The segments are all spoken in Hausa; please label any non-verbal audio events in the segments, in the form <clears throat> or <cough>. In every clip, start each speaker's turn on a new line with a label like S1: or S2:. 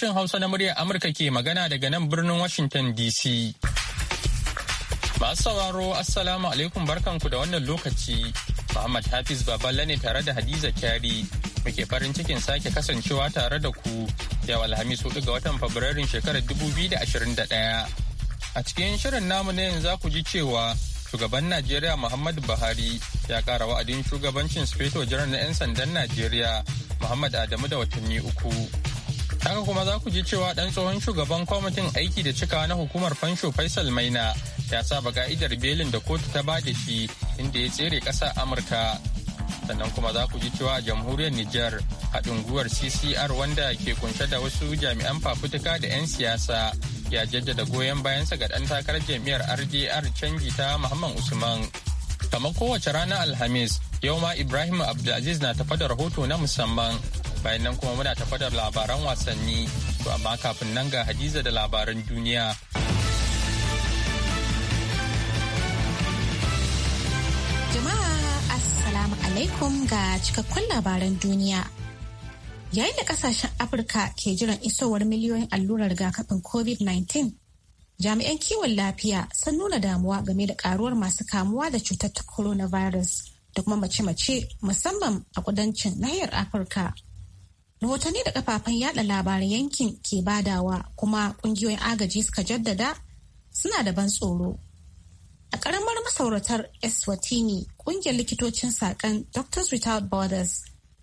S1: Sashen Hausa na muryar Amurka ke magana daga nan birnin Washington DC. Masu sauraro Assalamu alaikum barkanku da wannan lokaci. Muhammad Hafiz Baballe ne tare da Hadiza Kyari. Muke farin cikin sake kasancewa tare da ku yau Alhamis hudu ga watan Fabrairun shekarar 2021. A cikin shirin namu na yanzu za ku ji cewa shugaban Najeriya Muhammadu Buhari ya kara wa'adin shugabancin Sufeto Jiran na 'yan sandan Najeriya Muhammad Adamu da watanni uku. Haka kuma za ku ji cewa ɗan tsohon shugaban kwamitin aiki da cika na hukumar fansho Faisal Maina ya saba ka'idar belin da kotu ta ba da shi inda ya tsere ƙasa Amurka. Sannan kuma za ku ji cewa a jamhuriyar Nijar haɗin guwar CCR wanda ke kunshe da wasu jami'an fafutuka da 'yan siyasa ya jaddada goyon bayansa ga ɗan takarar jami'ar RDR canji ta Muhammad Usman. Kamar kowace rana Alhamis, yau ma Ibrahim Abdulaziz na tafa da rahoto na musamman bayan nan kuma muna tafa da labaran wasanni to amma kafin nan ga hadiza da labaran duniya
S2: jama'a assalamu alaikum ga cikakkun labaran duniya yayin da kasashen afirka ke jiran isowar miliyoyin allurar rigakafin covid-19 jami'an kiwon lafiya sun nuna damuwa game da karuwar masu kamuwa da cutar coronavirus da kuma mace-mace musamman a kudancin nahiyar afirka rahotanni da kafafen yada labaran yankin ke badawa kuma kungiyoyin agaji suka jaddada suna da ban tsoro a karamar masauratar eswatini kungiyar likitocin sakan doctors without borders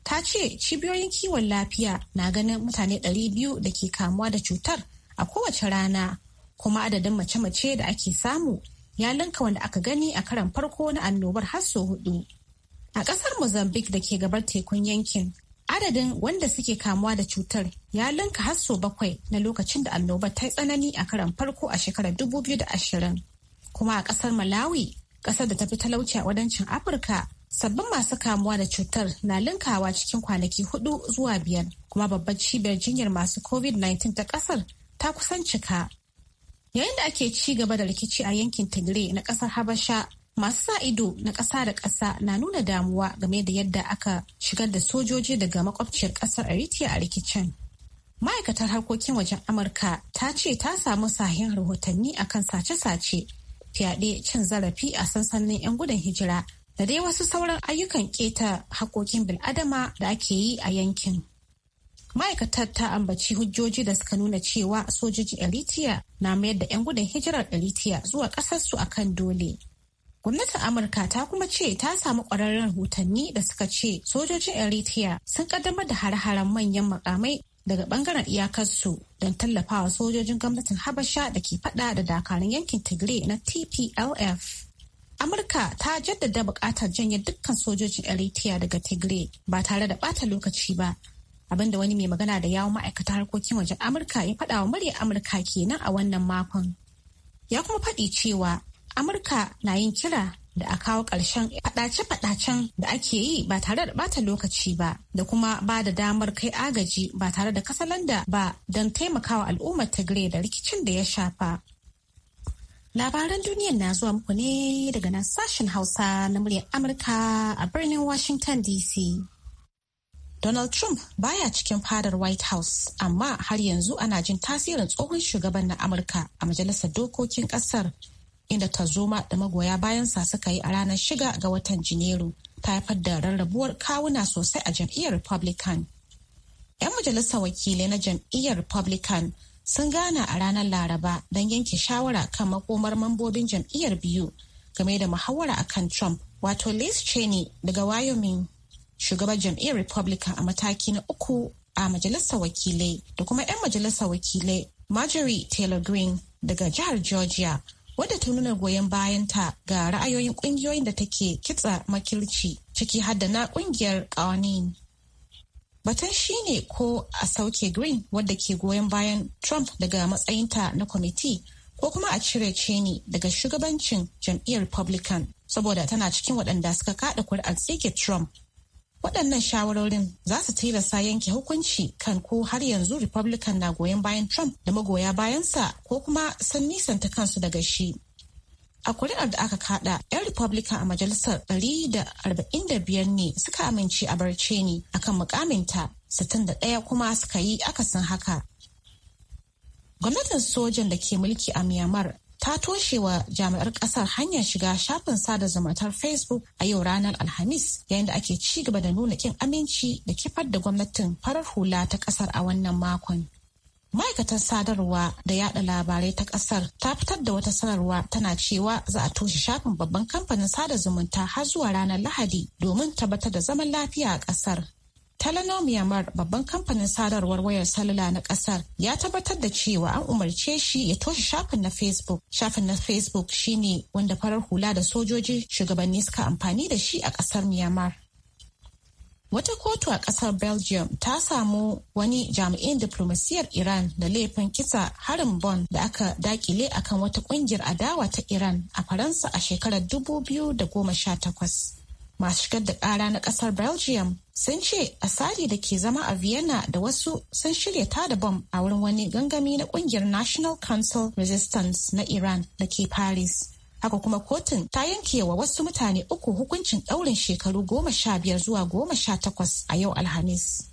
S2: ta ce cibiyoyin kiwon lafiya na ganin mutane 200 da ke kamuwa da cutar a kowace rana kuma adadin mace-mace da ake samu ya linka wanda aka gani a karan farko na annobar har sau hudu a kasar mozambique da ke gabar tekun yankin adadin wanda suke kamuwa da cutar ya linka har sau bakwai na lokacin da annobar ta yi tsanani a karan farko a shekarar 2020 kuma a kasar malawi kasar da ta fi talauci a wadancin afirka sabbin masu kamuwa da cutar na linkawa cikin kwanaki hudu zuwa biyar kuma babbar cibiyar jinyar masu covid-19 ta kasar ta kusan cika yayin da ake ci gaba da rikici a yankin tigray na kasar habasha masu sa ido na ƙasa da ƙasa na nuna damuwa game da yadda aka shigar da sojoji daga makwabciyar ƙasar eritrea a rikicin ma'aikatar harkokin wajen amurka ta ce ta samu sahihin rahotanni akan sace-sace fyaɗe cin zarafi a sansanin 'yan gudun hijira da dai wasu sauran ayyukan keta hakokin bil'adama da ake yi a yankin ma'aikatar ta ambaci hujjoji da suka nuna cewa sojoji eritrea na mayar da 'yan gudun hijirar eritrea zuwa ƙasarsu akan dole Gwamnatin Amurka ta kuma ce ta samu ƙwararren rahotanni da suka ce sojojin Eritrea sun kaddamar da har-haren manyan makamai daga bangaren iyakarsu don tallafawa sojojin gwamnatin Habasha da ke fada da dakarun yankin Tigray na TPLF. Amurka ta jaddada buƙatar janye dukkan sojojin Eritrea daga Tigray ba tare da ɓata lokaci ba. Abinda wani mai magana da yawon ma'aikata harkokin wajen Amurka ya faɗa wa murya Amurka kenan a wannan makon. Ya kuma faɗi cewa Amurka na yin kira da a kawo ƙarshen faɗace-faɗacen da ake yi ba tare da bata lokaci ba da kuma ba da damar kai agaji ba tare da kasalan da ba don taimakawa al'ummar gire da rikicin da ya shafa. Labaran duniyar na zuwa muku ne daga nan sashen Hausa na muryar Amurka a birnin Washington DC. Donald Trump baya cikin fadar White House, amma har yanzu ana jin tasirin tsohon shugaban na Amurka a majalisar dokokin kasar inda tarzoma da magoya bayansa suka yi a ranar shiga ga watan Janairu ta haifar da rarrabuwar kawuna sosai a jam'iyyar Republican. 'Yan majalisar wakilai na jam'iyyar Republican sun gana a ranar Laraba don yanke shawara kan makomar mambobin jam'iyyar biyu game da muhawara akan Trump wato Liz Cheney daga Wyoming. Shugaban jam'iyyar Republican a mataki na uku a majalisar wakilai da kuma 'yan majalisar wakilai Marjorie Taylor Greene daga jihar Georgia wadda ta nuna goyon bayanta ga ra'ayoyin kungiyoyin da take kitsa makilci ciki har da na kungiyar kawanin. Batun shine ko a sauke Green wadda ke goyon bayan Trump daga matsayinta na kwamiti ko kuma a cire Cheney daga shugabancin jam'iyyar Republican saboda tana cikin waɗanda suka kaɗa kuri'ar tsige Trump waɗannan shawarorin za su tilasta yanke hukunci kan ko har yanzu republican na goyon bayan trump da magoya bayansa ko kuma sun nisanta kansu daga shi a kuri'ar da aka kada 'yan republican a majalisar 145 ne suka amince a barce ni akan mukaminta 61 kuma suka yi akasin haka gwamnatin sojan da ke mulki a myanmar ta toshe wa jami'ar kasar hanyar shiga shafin sada zumuntar facebook a yau ranar alhamis yayin da ake ci gaba da nuna kin aminci da kifar da gwamnatin farar hula ta kasar a wannan makon ma'aikatar sadarwa da yada labarai ta kasar ta fitar da wata sanarwa tana cewa za a toshe shafin babban kamfanin sada zumunta har zuwa ranar lahadi domin tabbatar da zaman lafiya a kasar Telenor Myanmar babban kamfanin sadarwar wayar salula na kasar ya tabbatar da cewa an umarce shi ya toshe shafin na Facebook. Shafin na Facebook shine wanda farar hula da sojoji shugabanni suka amfani da shi a kasar Myanmar. Wata kotu a kasar Belgium ta samu wani jami'in diplomasiyar Iran da laifin kisa harin bon da aka dakile akan wata kungiyar adawa ta Iran a Faransa a shekarar 2018. masu shigar da ƙara na ƙasar belgium sun ce asali da ke zama a vienna da wasu sun shirya ta da bom a wurin wani gangami na kungiyar national council resistance na iran da ke paris haka kuma kotun ta yanke wa wasu mutane uku hukuncin ɗaurin shekaru goma sha biyar zuwa goma sha takwas a yau alhamis.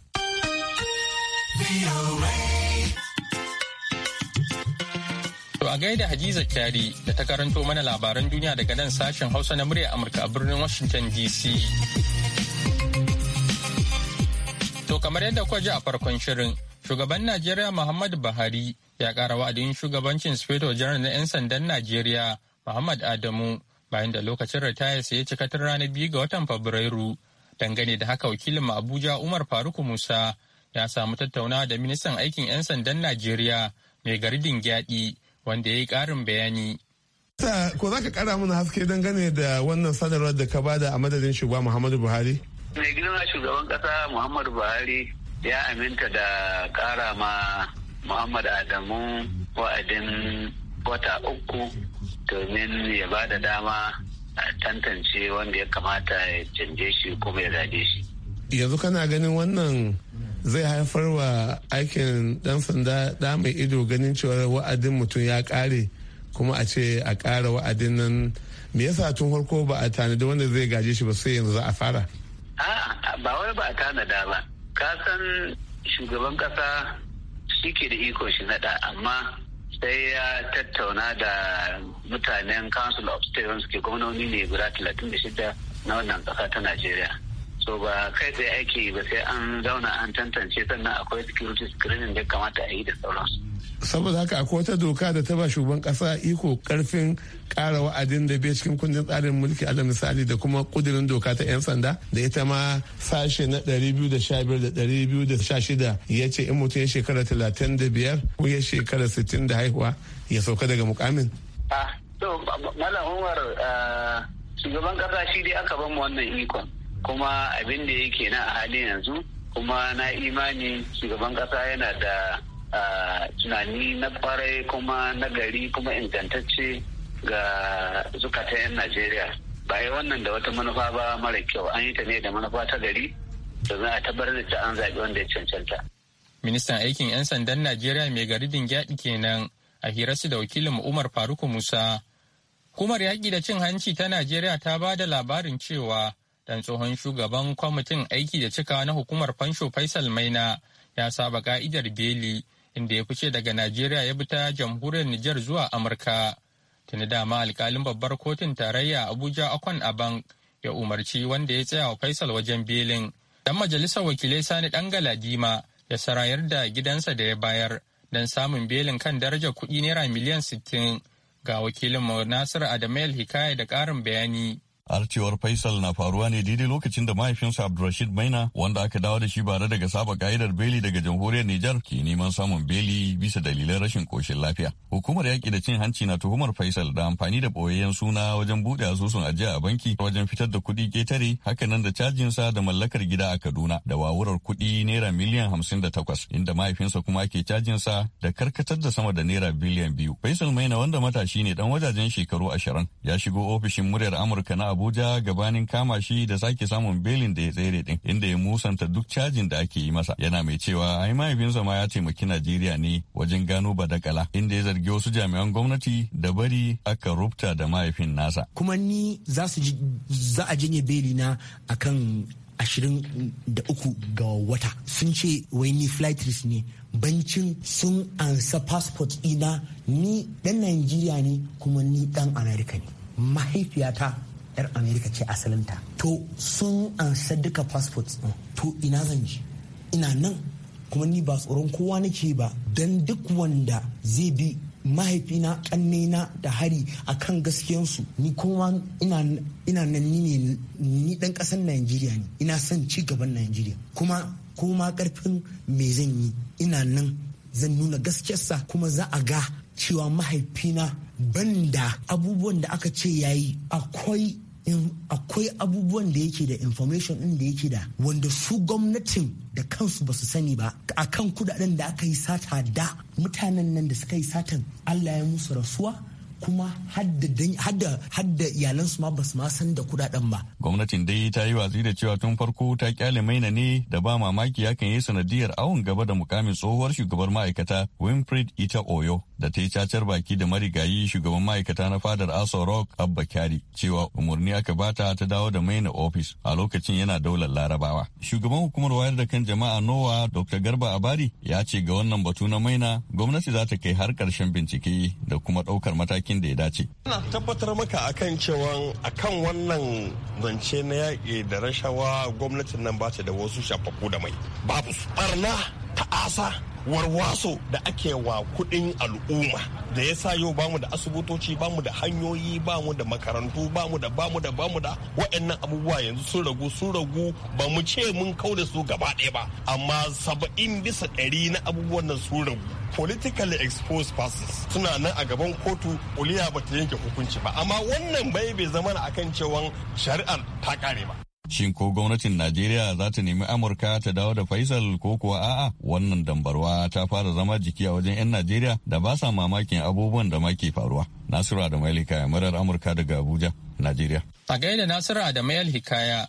S1: To a gaida hajiza Kyari da ta karanto mana labaran duniya daga nan sashen Hausa na murya Amurka a birnin Washington DC. To kamar yadda ji a farkon shirin, shugaban Najeriya Muhammadu Buhari ya kara wa'adin shugabancin Sufeto Janar na 'yan sandan Najeriya Muhammad Adamu bayan da lokacin sai ya cika tun ranar biyu ga watan Fabrairu. Dangane da haka wakilin Abuja Umar Faruku Musa ya samu tattaunawa da ministan aikin 'yan sandan Najeriya mai garidin gyaɗi wanda ya yi ƙarin bayani.
S3: Ko za ka ƙara mana haske dangane da wannan sadarwar da ka bada a madadin shugaba Muhammadu Buhari?
S1: Mai girma shugaban ƙasa Muhammadu Buhari
S4: ya aminta da ƙara ma Muhammadu Adamu wa'adin wata uku domin ya ba da dama a tantance wanda ya kamata ya canje shi kuma ya zaje shi.
S3: Yanzu kana ganin wannan zai haifar wa aikin dan sanda da mai ido ganin cewa wa'adin mutum ya kare kuma a ce a kara wa'adin nan me yasa tun farko ba a tanadi wanda zai gaje shi ba sai yanzu za a fara
S4: a'a ba wai ba a tanada ba ka san shugaban kasa shike da iko shi nada amma sai ya tattauna da mutanen council of state suke gwamnoni ne guda 36 na wannan kasa ta najeriya so ba kai tsaye aiki ba sai an zauna an tantance sannan akwai security screening da kamata a yi da sauransu
S3: saboda haka akwai wata doka da ta ba shugaban kasa iko karfin kara wa'adin da bai cikin kundin tsarin mulki ala misali da kuma kudirin doka ta 'yan sanda da ita ma sashe na 215 da 216 ya ce in mutum ya shekara 35 ko ya shekara 60 da haihuwa ya sauka daga mukamin.
S4: ah to malam umar ah, shugaban kasa shi dai aka ban wannan ikon kuma abin da yake na a halin yanzu kuma na imani shugaban kasa yana da tunani na kwarai kuma na gari kuma ingantacce ga zukata 'yan najeriya ba yi wannan da wata manufa ba mara kyau an yi ta ne da manufa ta gari da za a tabbatar da an zaɓi
S1: wanda ya cancanta ministan aikin 'yan sandan najeriya mai garidin gyaɗi kenan a hirarsu da wakilin umar faruku musa hukumar yaƙi da cin hanci ta najeriya ta ba da labarin cewa dan tsohon shugaban kwamitin aiki da cika na hukumar fansho faisal maina ya saba ka'idar beli inda ya fice daga najeriya ya bi ta jamhuriyar nijar zuwa amurka tuni dama alkalin babbar kotun tarayya abuja akon bank ya umarci wanda ya tsaya wa faisal wajen belin dan majalisar wakilai sani dan galadima ya sarayar da gidansa da ya bayar don samun belin kan daraja kuɗi naira miliyan sittin ga wakilin nasir adamayel hikaya da ƙarin bayani
S5: Arcewar Faisal na faruwa ne daidai lokacin da mahaifinsa Abdulrashid Maina wanda aka dawo da shi da daga saba ka'idar beli daga jamhuriyar Nijar ke neman samun beli bisa dalilan rashin koshin lafiya. Hukumar yaƙi da cin hanci na tuhumar Faisal da amfani da ɓoyayyen suna wajen buɗe asusun ajiya a banki wajen fitar da kuɗi ƙetare hakanan da cajinsa da mallakar gida a Kaduna da wawurar kuɗi naira miliyan hamsin da takwas inda mahaifinsa kuma ke cajinsa da karkatar da sama da naira biliyan biyu. Faisal Maina wanda matashi ne dan wajajen shekaru ashirin ya shigo ofishin muryar Amurka na Abuja gabanin kama shi da sake samun belin da ya tsere din inda ya musanta duk cajin da ake yi masa yana mai cewa ai mahaifinsa ma ya taimaki Najeriya ne wajen gano badakala inda ya zargi wasu jami'an gwamnati da bari aka rubuta da mahaifin nasa.
S6: Kuma ni za su za a janye beli na akan ashirin da uku ga wata sun ce wai ni flight risk ne bancin sun ansa passport ina ni dan Najeriya ne kuma ni dan Amerika ne mahaifiyata yar amerika ce asalinta to sun ansa duka passport to ina zan ji ina nan kuma ni ba tsoron kowa nake ba don duk wanda zai bi mahaifina kannena da hari a kan gaskiyansu ni kuma ina nan ni ne ni dan kasan najeriya ne ina son ci gaban najeriya kuma kuma karfin me zan yi ina nan zan nuna gaskiyarsa kuma za a ga cewa mahaifina banda abubuwan da aka ce yayi akwai in akwai abubuwan da yake da information din da yake da wanda su gwamnatin da kansu ba su sani ba A kan kudaden da aka yi sata da mutanen nan da suka yi satan Allah ya musu rasuwa kuma hadda iyalansu ma ba su ma san da kudaden ba.
S5: Gwamnatin dai ta yi watsi da cewa tun farko ta kyale maina ne da ba mamaki kan yi sanadiyar awon gaba da mukamin tsohuwar shugabar ma'aikata Winfred Ita Oyo da ta yi cacar baki da marigayi shugaban ma'aikata na fadar Aso Rock Abba Kyari cewa umarni aka bata ta dawo da maina ofis a lokacin yana daular Larabawa. Shugaban hukumar wayar da kan jama'a Nowa Dr. Garba Abari ya ce ga wannan batu na maina gwamnati za ta kai har karshen bincike da kuma ɗaukar mataki matakin da ya dace.
S3: Ina tabbatar maka akan cewa akan wannan zance na yaƙi da rashawa gwamnatin nan ba ta da wasu shafafu da mai. Babu su ta asa. warwaso da ake wa kuɗin al'umma da
S7: ya sa yau bamu da asibitoci bamu da hanyoyi bamu da makarantu bamu da bamu da bamu da
S3: waɗannan abubuwa yanzu sun ragu sun ragu ba mu ce mun kau da su gaba ɗaya ba amma saba'in bisa ɗari na abubuwan nan sun ragu politically exposed persons suna nan a gaban kotu kuliya ba ta yanke hukunci ba amma wannan bai bai zama akan cewa
S5: shari'ar ta kare ba Shin ko gwamnatin Najeriya za ta nemi Amurka ta dawo da Faisal ko kuwa a'a wannan dambarwa ta fara zama jiki a wajen 'yan Najeriya da ba sa mamakin abubuwan da ma faruwa. Nasiru da Hikaya murar Amurka daga Abuja, Najeriya. A gaida
S1: Nasiru da Hikaya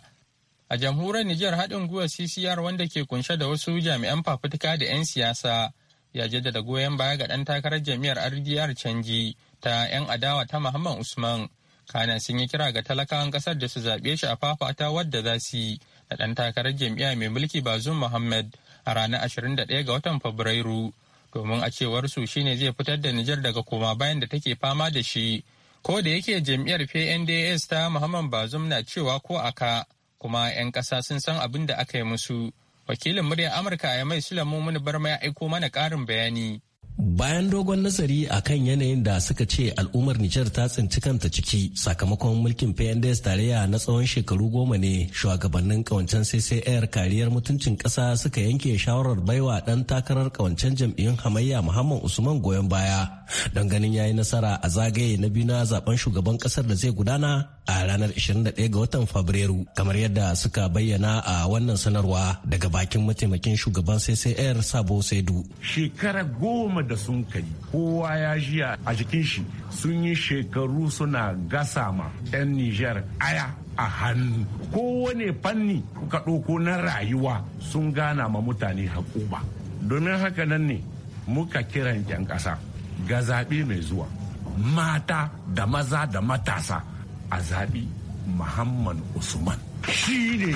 S1: a jamhuriyar Nijar haɗin guwa CCR wanda ke kunshe da wasu jami'an fafutuka da 'yan siyasa ya jaddada goyon baya ga ɗan takarar jami'ar RDR canji ta 'yan adawa ta Muhammad Usman. kana sun yi kira ga talakawan kasar da su zaɓe shi a fafata wadda za su yi da ɗan takarar jam'iyya mai mulki bazum muhammad a ranar 21 ga watan fabrairu domin a cewar su shine zai fitar da nijar daga koma bayan da take fama da shi ko da yake jam'iyyar pnds ta muhammad bazum na cewa ko aka kuma 'yan ƙasa sun san abin da aka yi musu wakilin muryar amurka ya mai sulamu mun barma ya aiko mana ƙarin bayani
S7: bayan dogon nazari a kan yanayin da suka ce al'ummar nijar ta tsinci kanta ciki sakamakon mulkin pnds tarayya na tsawon shekaru goma ne shugabannin kawancen ccr kariyar mutuncin ƙasa suka yanke shawarar baiwa ɗan takarar kawancen jam'iyyun hamayya muhammad usman goyon baya don ganin yayi nasara a zagaye na biyu na zaben shugaban ƙasar da zai gudana a ranar 21 ga watan fabrairu kamar yadda suka bayyana a wannan sanarwa daga bakin mataimakin shugaban ccr sabo saidu shekara goma da sun kai
S3: kowa ya jiya
S7: a jikin shi sun yi shekaru suna gasa ma 'yan Nijar aya a hannu kowane fanni kuka ɗauko na rayuwa sun gana ma mutane haƙuba domin haka nan ne muka kiran 'yan ƙasa ga zaɓe mai zuwa mata da maza da matasa a zaɓi muhammad usman shi ne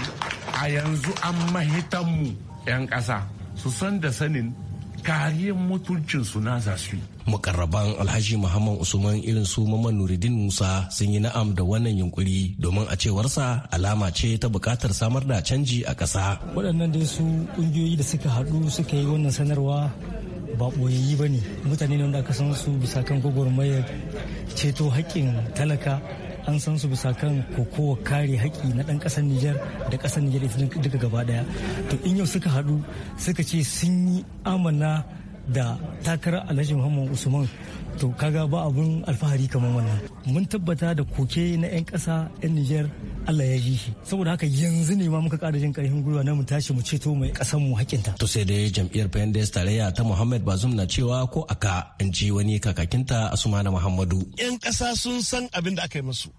S7: a yanzu an mahitanmu 'yan ƙasa su san da sanin kariyar mutuncin su na zasu mukarraban alhaji muhammad usman irin su maman nuridin musa sun yi na'am da wannan yunkuri domin a cewarsa alama ce ta bukatar samar da canji a ƙasa
S8: waɗannan dai su ƙungiyoyi da suka haɗu suka yi wannan sanarwa ba ɓoyayyi ba ne mutane ne wanda aka san su bisa kan gwagwarmaya ceto haƙƙin talaka an san su bisa kan kokowa kare haƙƙi na ɗan ƙasar Nijar da ƙasar Nijar ita duka gaba ɗaya to in yau suka haɗu suka ce sun yi amana da takarar alhaji muhammad usman to kaga ba abun alfahari kamar wannan mun tabbata da koke na 'yan ƙasa 'yan niger allah ya yi shi saboda haka yanzu ne ma muka ƙara jin ƙarfin gwiwa na mu tashi mu ceto mai ƙasar mu hakinta
S7: to sai dai jam'iyyar pendes tarayya ta muhammad bazum na cewa ko aka in ji wani kakakinta na muhammadu 'yan ƙasa sun san abin da aka yi musu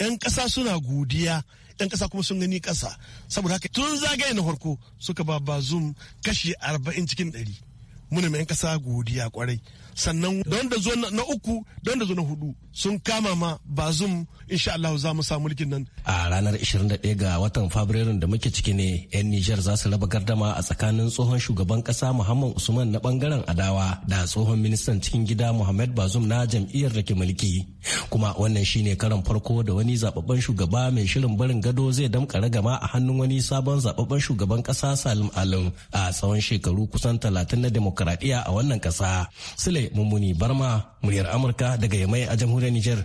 S7: 'yan ƙasa suna godiya 'yan ƙasa kuma sun gani ƙasa saboda haka tun zagaye na farko suka ba bazum
S3: kashi arba'in cikin ɗari. muna mai 'yan ƙasa godiya kwarai sannan don da zo na uku don da zo na hudu sun kama ma bazum insha Allah za mu samu mulkin nan
S7: a ranar 21 ga watan fabrairun da muke ciki ne yan niger za su raba gardama a tsakanin tsohon shugaban kasa Muhammad Usman na bangaren adawa da tsohon ministan cikin gida Muhammad Bazum na jam'iyyar da ke mulki kuma wannan shine karan farko da wani zababben shugaba mai shirin barin gado zai damka ragama a hannun wani sabon zababben shugaban kasa Salim Alim a tsawon shekaru kusan 30 na demokradiya a wannan kasa Sule Mummuni Barma muryar Amurka daga Yamai a jamhuriyar Nijar.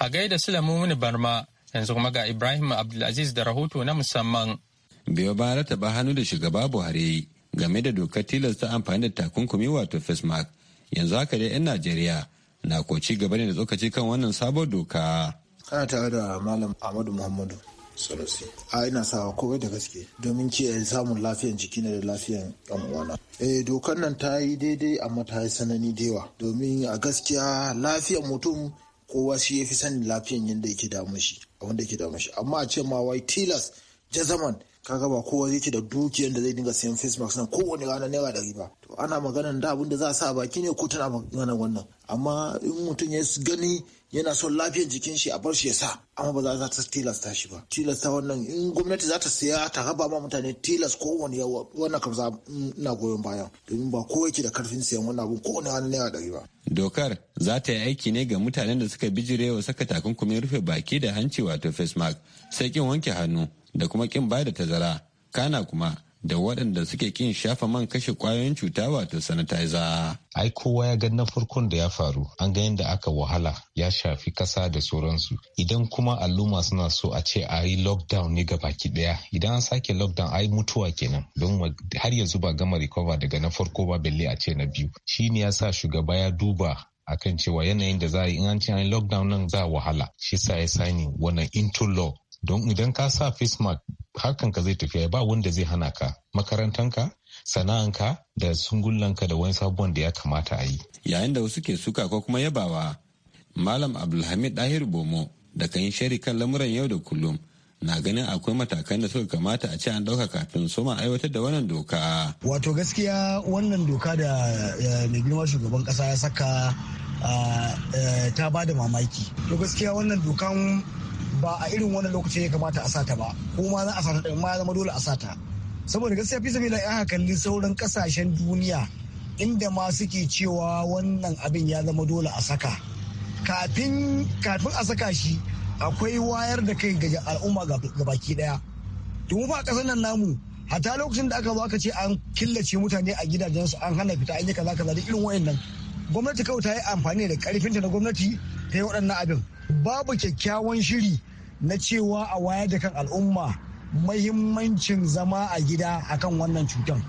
S1: A gaida Sule Mummuni Barma yanzu kuma ga Ibrahim Abdulaziz da rahoto na musamman. Biyo bayan rataba hannu da shugaba Buhari
S9: game da dokar tilasta amfani da takunkumi wato face mask yanzu haka dai 'yan Najeriya na ko gaba ne da tsokaci kan wannan sabon doka.
S10: kana tare da Malam Ahmadu Muhammadu. sarasi a ina sawa kowai da gaske domin ce samun lafiyan jiki na da lafiyan yan uwana eh dokar nan ta yi daidai amma ta yi sanani da yawa domin a gaskiya lafiyan mutum kowa shi ya fi sanin lafiyan yadda yake damu shi wanda yake damu shi amma a ce ma wai tilas jazaman kaga ba kowa yake da dukiyar da zai dinga sayan face mask na kowane rana naira ɗari ba to ana maganan da abin da za a sa baki ne ko tana maganan wannan amma in mutum ya gani yana son lafiyar jikin shi a bar shi ya sa amma ba za ta tilasta shi ba tilasta wannan in gwamnati za ta siya ta raba ma mutane tilas ko wani yawa wannan kamsa ina goyon bayan domin ba kowa yake da karfin siyan wannan abu ko wani wani naira ɗari ba.
S9: dokar za ta yi aiki ne ga mutanen da suka bijire wa saka takunkumin rufe baki da hanci wato face mask sai kin wanke hannu da kuma kin bada tazara kana kuma da waɗanda suke kin shafa man kashe ƙwayoyin cuta wato sanitizer.
S1: Ai kowa ya ga na farkon da ya faru an ga yadda aka wahala ya shafi ƙasa da sauransu. Idan kuma al'umma suna so a ce a yi lockdown ne baki ɗaya idan an sake lockdown ai mutuwa kenan don har yanzu ba gama recover daga na farko ba belle a ce na biyu. Shi ne ya sa shugaba ya duba akan cewa yanayin da za a yi in an ce an lockdown nan za wahala shi sa ya sani wannan into law don idan ka sa face mask ka zai tafiya ba wanda zai hana ka makarantanka sana'anka da sungullanka da wani sabon da ya kamata a yi.
S9: Yayin da wasu ke suka ko kuma yabawa, Malam Abdulhamid Dahir Bomo da kan yi shari kan lamuran yau da kullum na ganin akwai matakan da suka kamata a ce an ɗauka kafin soma aiwatar da wannan doka.
S10: Wato gaskiya wannan doka da eh, mai girma shugaban kasa ya saka ah, eh, ta ba da mamaki. To gaskiya wannan dokan ba a irin wannan lokaci ya kamata a sata ba ko ma za a sata din ma zama dole a sata saboda gaskiya fi sabila ya kalli sauran kasashen duniya inda ma suke cewa wannan abin ya zama dole a saka kafin a saka shi akwai wayar da kai ga al'umma ga baki daya domin fa a kasan nan namu hatta lokacin da aka zo aka ce an killace mutane a gidajensu an hana fita an yi kaza kaza da irin wayannan gwamnati kawai ta yi amfani da karfinta na gwamnati ta yi waɗannan abin babu kyakkyawan shiri na cewa a wayar da kan al'umma mahimmancin zama a gida akan wannan cutan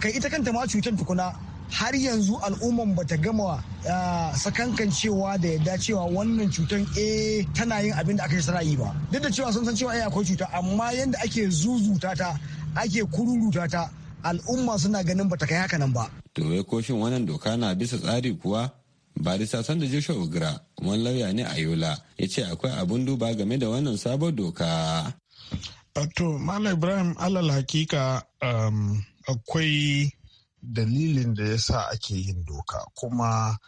S10: kai ita kanta ma cutan tukuna har yanzu al'umman bata gama ah, sakankan cewa da yadda cewa wannan cutan e tana yin abin da aka yi tana yi ba duk da cewa sun san cewa eh, akwai cuta amma yadda ake zuzuta ta ake kururuta ta al'umma suna ganin bata kai haka nan ba
S9: to wai koshin wannan doka na bisa tsari kuwa barista sanda joshua ugra wani lauya ne a yola ya ce akwai abun duba game da wannan sabon doka
S3: to malam ibrahim alal hakika um, akwai dalilin da ya sa ake yin doka kuma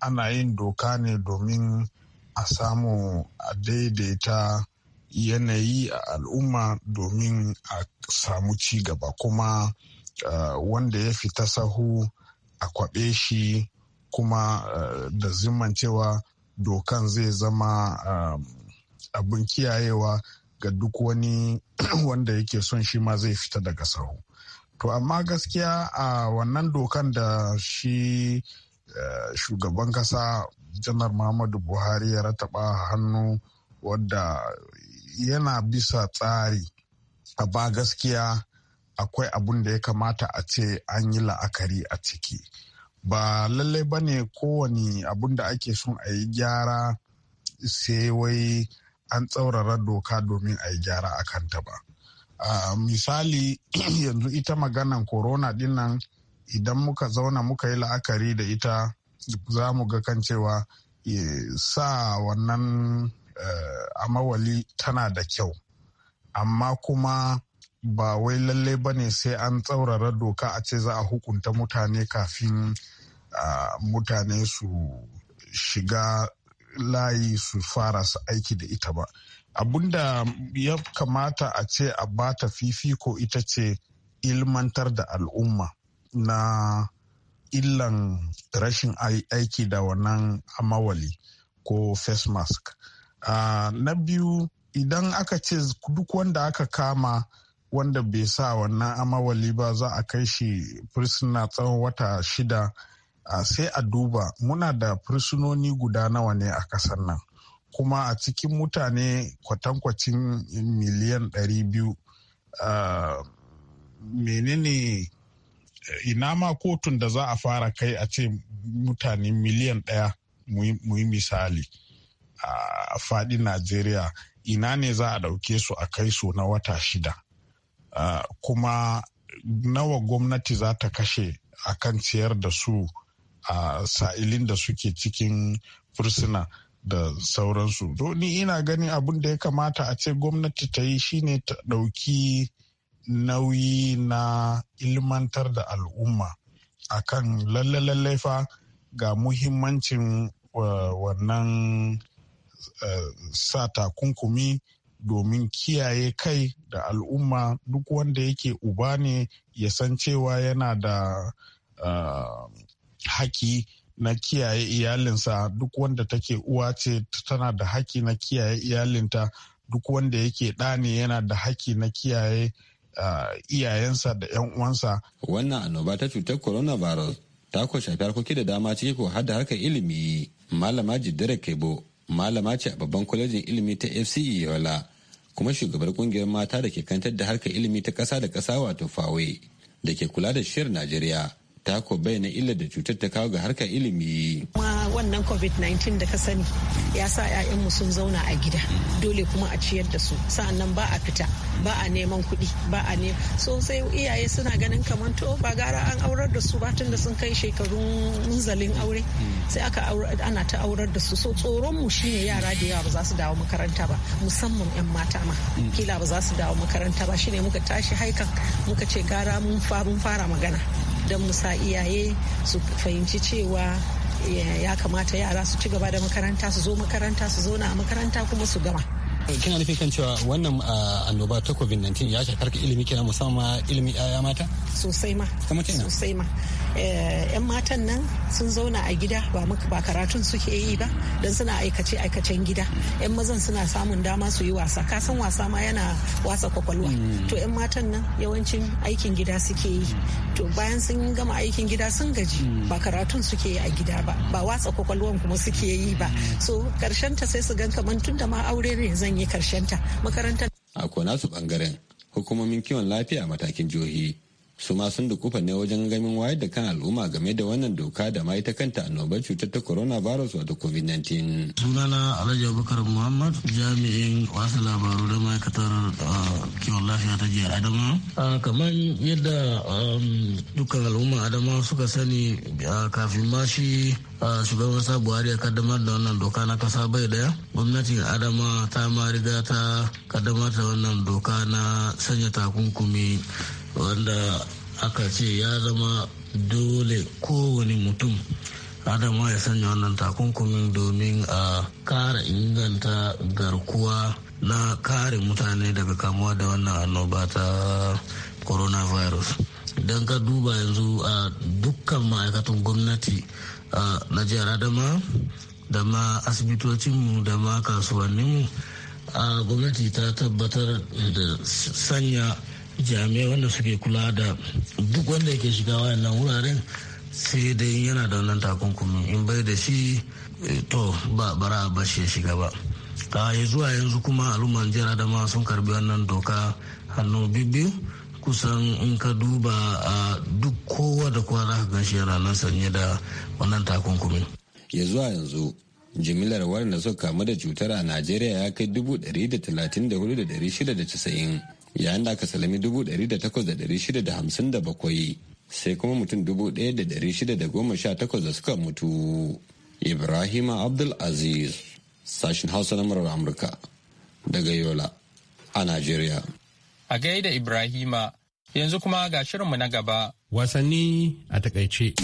S3: ana yin doka ne domin a samu a daidaita yanayi a al'umma domin a samu ci gaba kuma uh, wanda ya fita sahu a kwaɓe shi kuma eh, da zimancewa dokan zai zama um, abin kiyayewa ga duk wani <clears throat> wanda yake son shi ma zai fita daga sahu. To amma gaskiya a wannan dokan da shi eh, shugaban kasa janar Muhammadu Buhari ya rataba hannu wadda yana bisa tsari. A ba gaskiya akwai abin da ya kamata a ce an yi la'akari a ciki. ba lallai ba ne kowane abun da ake son a yi gyara sai wai an tsaurara doka domin a yi gyara a kanta ba. Uh, misali <clears throat> yanzu ita maganan corona dinnan idan muka zauna muka yi la'akari da ita za mu ga kan cewa e, sa wannan uh, amawali tana da kyau amma kuma ba wai lalle ba ne sai an tsaurara doka a ce za a hukunta mutane kafin mutane su shiga layi su fara su aiki da ita ba da ya kamata a ce a bata fifiko ita ce ilmantar da al'umma na illan rashin aiki da wannan amawali ko face mask na biyu idan aka ce duk wanda aka kama wanda bai sa wannan amawali ba za a kai shi fursuna tsawon wata shida sai a duba muna da fursunoni guda nawa ne a kasar nan kuma a cikin mutane kwatankwacin miliyan 200 uh, menene ina ma kotun da za a fara kai a ce mutane miliyan ɗaya mu misali a fadi najeriya ina ne za a ɗauke su a kai su na wata shida Ah, kuma nawa gwamnati za ta kashe a kan ciyar da su a sa'ilin da suke cikin fursuna da sauransu. ni ina gani abin da ya kamata a ce gwamnati ta yi shine ta ɗauki nauyi na ilmantar da al'umma akan lalle-lalle fa ga muhimmancin eh, wannan eh, sa takunkumi domin kiyaye kai da al'umma duk wanda yake uba ne ya san cewa yana da uh, ah, haki na kiyaye iyalinsa duk wanda take uwa ce tana da haki na kiyaye iyalinta duk wanda yake ɗa ne yana da haki na kiyaye uh, iyayensa da 'yan uwansa.
S9: Wannan annoba ta cutar coronavirus ta ko shafi harkoki da dama ciki ko har da harkar ilimi. Malama Jiddere Kebo malama ce a babban kwalejin ilimi ta fce yola kuma shugabar kungiyar mata da ke kantar da harkar ilimi ta kasa da kasa wato fawe da ke kula da shirin najeriya ta ko bayyana illar da cutar ta kawo ga harkar ilimi.
S11: Kuma wannan COVID-19 da ka sani ya sa 'ya'yanmu sun zauna a gida dole kuma a ciyar da su sa'annan ba a fita ba a neman kuɗi ba a ne so sai iyaye suna ganin kamar to ba gara an aurar da su ba tun da sun kai shekarun munzalin aure sai aka ana ta aurar da su so tsoron mu shine yara da yawa ba za su dawo makaranta ba musamman 'yan mata ma kila ba za su dawo makaranta ba shine muka tashi haikan muka ce gara mun fara magana don musa iyaye su fahimci cewa eh, ya kamata yara su ci gaba da makaranta su zo makaranta su zo na makaranta kuma su gama
S9: kina nufin kan cewa wannan ah, annoba ta covid-19 ya shafar ka ilimi kina musamman ilimi ya mata sosai ma sosai
S11: ma yan eh, matan nan sun zauna a gida ba ba karatun suke yi ba don suna aikace aikacen gida yan mazan suna samun dama su yi wasa kasan wasa ma yana wasa kwakwalwa mm. to yan matan nan yawancin aikin gida suke yi to bayan sun gama aikin gida sun gaji mm. ba karatun suke yi a gida ba ba wasa kwakwalwan kuma suke yi ba mm. so karshen ta sai su gan kamar tun da ma aure ne zan yi yi karshenta makarantar
S9: a kona su bangaren hukumomin kiwon lafiya matakin jihohi su ma sun dukufa ne wajen gamin wayar da kan al'umma game da wannan doka da ma ita kanta annobar cutar ta coronavirus wato covid-19.
S8: sunana alhaji abubakar muhammad jami'in wasu labaru da ma'aikatar uh, kiwon lafiya ta jihar adama kamar yadda um, dukkan al'umma adama suka sani kafin ma shi shugaban sa buhari ya kaddamar da wannan doka na kasa bai daya gwamnatin adama ta ma riga ta kaddamar da wannan doka na sanya takunkumi wanda aka ce ya zama dole kowane mutum adama ya sanya wannan takunkumin domin a kara inganta garkuwa na kare mutane daga kamuwa da wannan annoba ta coronavirus don ka duba yanzu a dukkan ma'aikatan gwamnati na jihar adama da ma asibitocinmu da ma kasuwanninmu a gwamnati ta tabbatar da sanya jami'ai wanda suke kula da duk wanda yake shiga wayannan wuraren sai dai yana da wannan takunkumi in bai da shi eh, to ba bara ba shi shiga ba a zuwa yanzu kuma al'umman jihar adama sun karbi wannan doka hannu biyu kusan in ka duba a duk kowa da kowa za ka
S9: gan shi ranar sanye da wannan takunkumi. ya zuwa yanzu jimilar waɗanda suka kamu da cutar a najeriya ya kai 134,690 yayin da aka salami dubu ɗari da takwas da ɗari shida da hamsin da bakwai sai kuma mutum dubu ɗaya da ɗari shida da goma sha takwas da suka mutu ibrahima abdul aziz sashen hausa na murar amurka daga yola a najeriya
S1: a gaida ibrahima yanzu kuma ga shirinmu na gaba
S9: wasanni a takaice.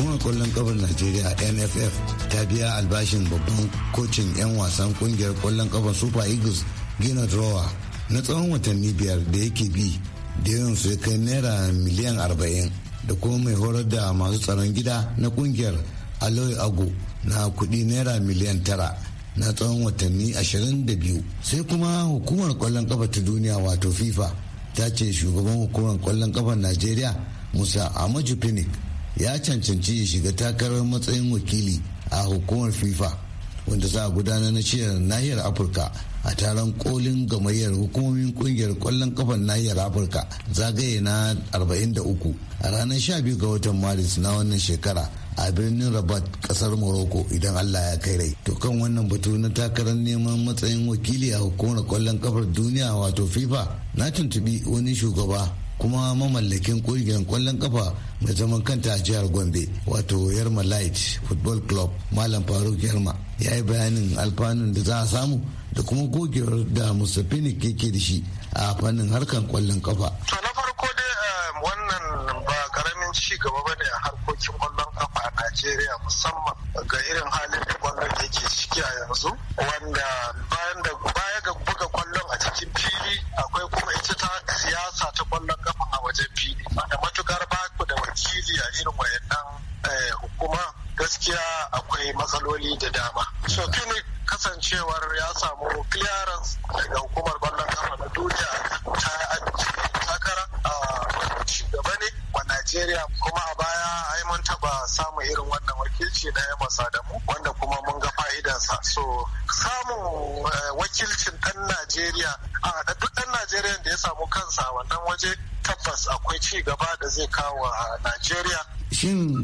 S12: hukumar kwallon kafar najeriya nff ta biya albashin babban kocin 'yan wasan kungiyar kwallon kafar super eagles gina drawer na tsawon watanni biyar da yake bi da yawan su kai naira miliyan arba'in da kuma mai horar da masu tsaron gida na kungiyar aloy ago na kudi naira miliyan tara na tsawon watanni ashirin da biyu sai kuma hukumar kwallon kafa ta duniya wato fifa ta ce shugaban hukumar kwallon kafar najeriya musa amaju pinnick ya cancanci ya shiga takarar matsayin wakili a hukumar fifa wanda za a gudanar na ciyar nahiyar afirka a taron kolin gamayyar hukumomin kungiyar kwallon kafan nahiyar afirka zagaye na 43 a ranar 12 ga watan maris na wannan shekara a birnin rabat kasar morocco idan allah ya kai rai to kan wannan batu na takarar neman matsayin wakili a hukumar kwallon kafar duniya wato fifa na tuntubi wani shugaba kuma mamallakin kungiyar kwallon kafa mai zaman kanta a jihar gombe wato yarma light football club malam faruk yarma ya yi bayanin alfanun da za a samu da kuma gogewar da musafini ke da shi a fannin harkar kwallon kafa um,
S3: ci gaba bane a harkokin kwallon kafa a Najeriya musamman ga irin halin da kwallon yake ciki a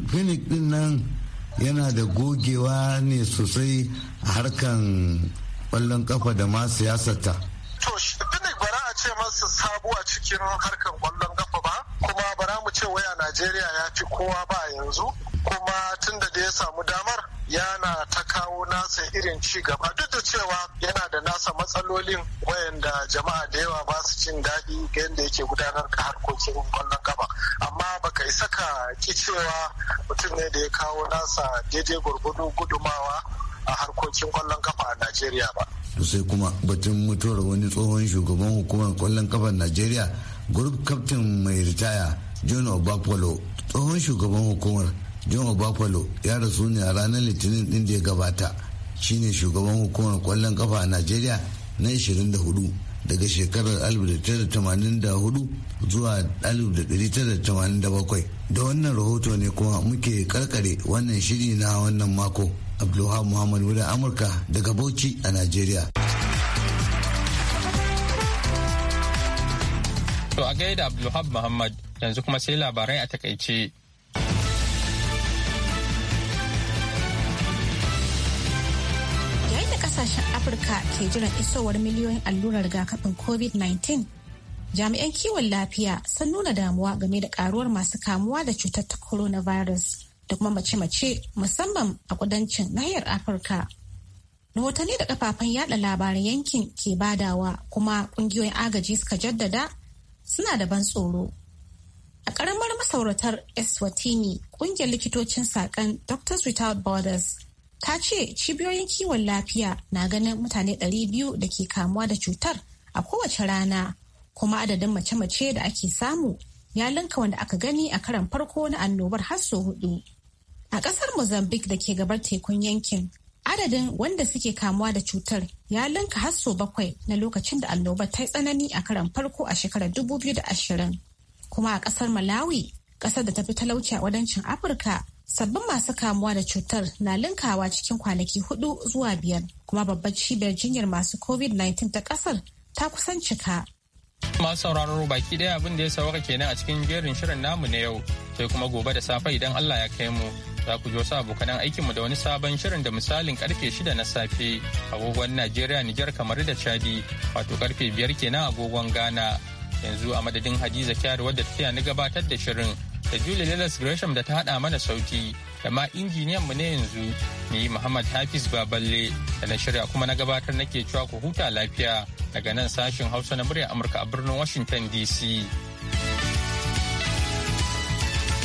S12: clinic din nan yana da gogewa ne sosai a harkan ƙwallon kafa da ma siyasarta. To, clinic bara a ce sabu a cikin
S3: harkan ƙwallon kafa ba, kuma bara mu ce waya Najeriya ya fi kowa ba yanzu, kuma tun da ya samu dama yana ta kawo nasa irin ci gaba duk da cewa yana da nasa matsalolin wayanda jama'a da yawa ba su jin daɗi ga yadda yake gudanar da harkokin kwallon gaba amma baka isa ka ki cewa mutum ne da ya kawo nasa daidai gwargwado gudumawa a harkokin kwallon kafa a Najeriya ba.
S12: Sai kuma batun mutuwar wani tsohon shugaban hukumar kwallon kafa Najeriya, group captain mai ritaya John Obapolo, tsohon shugaban hukumar john obakwalo ya rasu ne a ranar litinin din da ya gabata shine shugaban hukumar kwallon kafa a najeriya na 24 daga shekarar 1984 zuwa 1987 da wannan rahoto ne kuma muke karkare wannan shiri na wannan mako abdulhamu muhammad wurin amurka daga bauchi a najeriya
S1: to a gaida abdulhab muhammad yanzu kuma sai labarai a takaice
S2: kasashen Afirka ke jiran isowar miliyoyin allurar rigakafin COVID-19, jami'an kiwon lafiya sun nuna damuwa game da karuwar masu kamuwa da cutar ta coronavirus da kuma mace-mace musamman a kudancin nahiyar Afirka. Rahotanni da kafafen yada labaran yankin ke badawa kuma kungiyoyin agaji suka jaddada suna da ban tsoro. A ƙaramar masauratar Eswatini, ƙungiyar likitocin saƙan Doctors Without Borders ta ce cibiyoyin kiwon lafiya na ganin mutane 200 da ke kamuwa da cutar a kowace rana kuma adadin mace-mace da ake samu ya linka wanda aka gani a karan farko na annobar har sau hudu. A ƙasar Mozambique da ke gabar tekun yankin, adadin wanda suke kamuwa da cutar ya linka har bakwai na lokacin da annobar ta yi tsanani a karan farko a shekarar 2020. Kuma a ƙasar Malawi, ƙasar da ta fi talauci a wadancin Afirka, sabbin masu kamuwa da cutar na linkawa cikin kwanaki hudu zuwa biyar kuma babbar cibiyar jinyar masu covid-19 ta kasar ta kusan cika
S1: masu sauraro baki daya abin da ya sauka kenan a cikin jerin shirin namu na yau sai kuma gobe da safe idan allah ya kai mu za ku ji wasu abokanan mu da wani sabon shirin da misalin karfe shida na safe agogon najeriya nijar kamar da chadi wato karfe biyar kenan agogon ghana yanzu a madadin hadiza kyari wadda ta ni gabatar da shirin da Julie Lillis Gresham da ta haɗa mana sauti da ma injiniyan mu ne yanzu ni Muhammad Hafiz Baballe da na shirya kuma na gabatar nake cewa ku huta lafiya daga nan sashin Hausa na murya Amurka a birnin Washington DC.